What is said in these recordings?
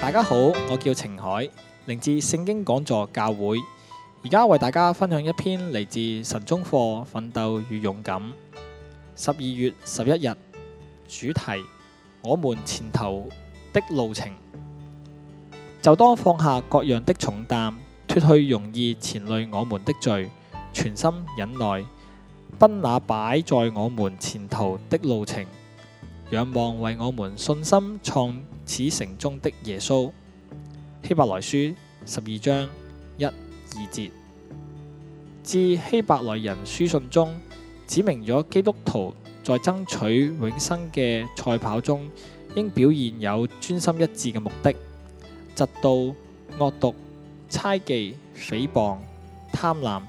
大家好，我叫程海，嚟自靈志聖經講座教會，而家為大家分享一篇嚟自神中課奮鬥與勇敢，十二月十一日主題：我們前頭的路程，就當放下各樣的重擔，脫去容易纏累我們的罪，全心忍耐，奔那擺在我們前頭的路程。仰望為我們信心創始成終的耶穌，希伯來書十二章一二節，至希伯來人書信中，指明咗基督徒在爭取永生嘅賽跑中，應表現有專心一致嘅目的，嫉妒、惡毒、猜忌、誹謗、貪婪呢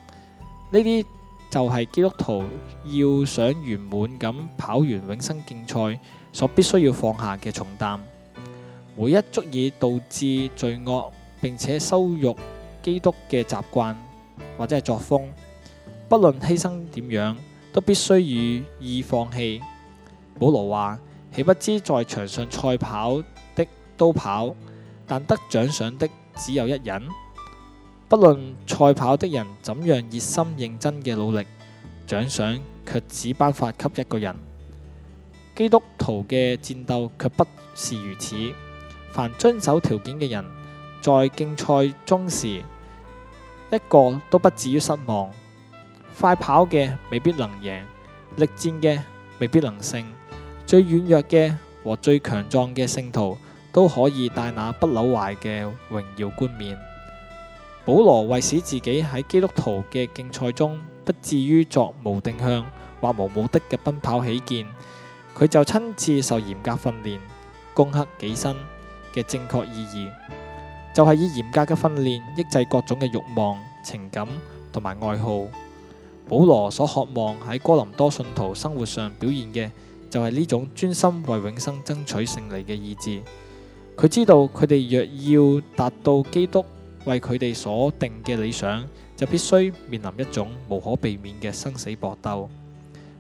啲。就係基督徒要想圓滿咁跑完永生競賽，所必須要放下嘅重擔，每一足以導致罪惡並且羞辱基督嘅習慣或者係作風，不論犧牲點樣，都必須予以放棄。保羅話：「豈不知在場上賽跑的都跑，但得獎賞的只有一人。不論賽跑的人怎樣熱心認真嘅努力，獎賞卻只頒發給一個人。基督徒嘅戰鬥卻不是如此。凡遵守條件嘅人，在競賽中時，一個都不至於失望。快跑嘅未必能贏，力戰嘅未必能勝，最軟弱嘅和最強壯嘅聖徒，都可以戴那不朽壞嘅榮耀冠冕。保羅為使自己喺基督徒嘅競賽中，不至於作無定向或無目的嘅奔跑起見，佢就親自受嚴格訓練，攻克己身嘅正確意義，就係以嚴格嘅訓練抑制各種嘅欲望、情感同埋愛好。保羅所渴望喺哥林多信徒生活上表現嘅，就係呢種專心為永生爭取勝利嘅意志。佢知道佢哋若要達到基督。為佢哋所定嘅理想，就必須面臨一種無可避免嘅生死搏鬥。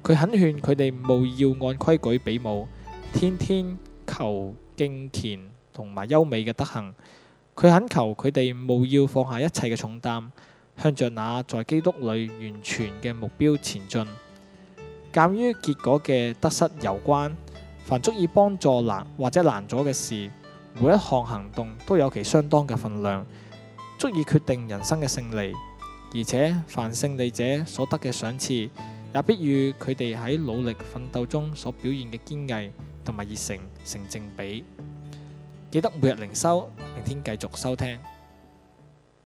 佢懇勸佢哋務要按規矩比武，天天求敬虔同埋優美嘅德行。佢懇求佢哋務要放下一切嘅重擔，向着那在基督裏完全嘅目標前進。鑒於結果嘅得失攸關，凡足以幫助難或者難咗嘅事，每一項行動都有其相當嘅份量。足以決定人生嘅勝利，而且凡勝利者所得嘅賞賜，也必與佢哋喺努力奮鬥中所表現嘅堅毅同埋熱誠成正比。記得每日靈修，明天繼續收聽。